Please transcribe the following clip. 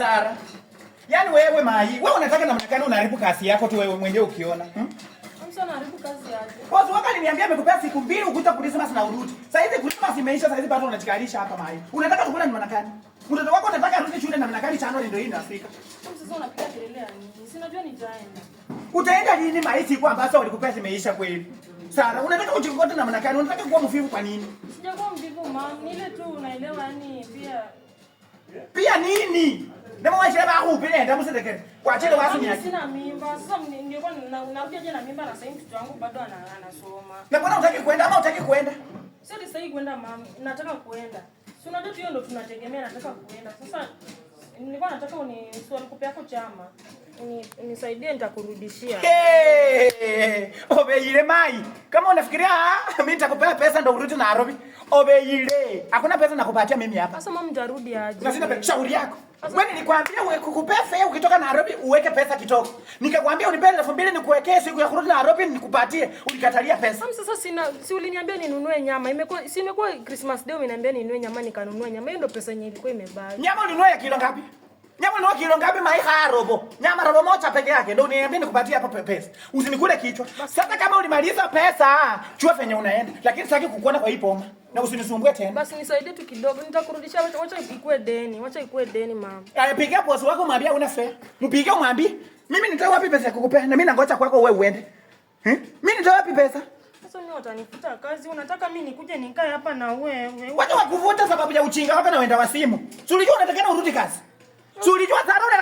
Sara. Yaani wewe mahi, wewe unataka namna gani unaharibu kazi yako tu wewe mwenyewe ukiona? Hmm? Msana unaharibu kazi yake. Kwa amekupea siku mbili ukuta Christmas na urudi. Sasa hizi Christmas zimeisha, sasa hizi bado unachikalisha hapa mahi. Unataka tukule namna gani? Mtoto wako anataka arudi shule namna gani chano ndio hii inafika. Sasa unapiga kelele nini? Si unajua nitaenda. Utaenda lini mahi siku ambazo walikupea zimeisha kweli? Sara, unataka kujikota namna gani? Unataka kuwa mvivu kwa nini? Sijakuwa mvivu mama, ile tu unaelewa yani pia. Pia nini? Ndio maana shamba hapo upende ndio msidekeni. Kuacheni watu mimi. Sina mimba. Sasa nilikuwa nakuja je na mimba na sasa mtoto wangu bado anasoma. Na bwana hutaki kwenda ama hutaki kwenda? Sio sasa hii kwenda mama. Nataka kwenda. Si unajua hiyo ndio tunategemea nataka kwenda. Sasa nilikuwa nataka uni swali kupe yako chama. Unisaidie nitakurudishia. Hey! Obe ile mai. Kama unafikiria ah, mimi nitakupea pesa ndio urudi Nairobi obeile. Hakuna pesa nakupatia mimi hapa. Sasa mama mtarudi aje? Sasa sina shauri yako. Wewe nilikwambia uwe kukupe fare ukitoka Nairobi uweke pesa kitoko. Nikakwambia unipe 2000 nikuwekee siku ya kurudi Nairobi nikupatie. Ulikatalia pesa. Mama sasa sina si uliniambia ninunue nyama. Imekuwa si imekuwa Christmas day umeniambia ninunue nyama nikanunua nyama. Hiyo ndio pesa yenyewe ilikuwa imebaki. Nyama ulinunua ya kilo ngapi? Nyama unao kilo ngapi mai robo? Nyama robo moja peke yake ndio uniambie nikupatie hapo pesa. Usinikule kichwa. Sasa kama ulimaliza pesa, chua venye unaenda. Lakini sitaki kukuona kwa hii poma. Na usinisumbue tena. Basi nisaidie tu kidogo. Nitakurudishia wacha wacha ikue deni. Wacha ikue deni mama. Apigia bosi wako mwambie una fare. Mpigie mwambie. Mimi nitoa wapi pesa kukupea? Na mimi nangoja kwako wewe uende. Eh? Mimi nitoa wapi pesa? Sasa mimi watanifuta kazi. Unataka mimi nikuje nikae hapa na wewe? Wacha wakuvuta sababu ya uchinga wako na wenda wa simu. Sio unataka urudi kazi. 就你这态度嘞！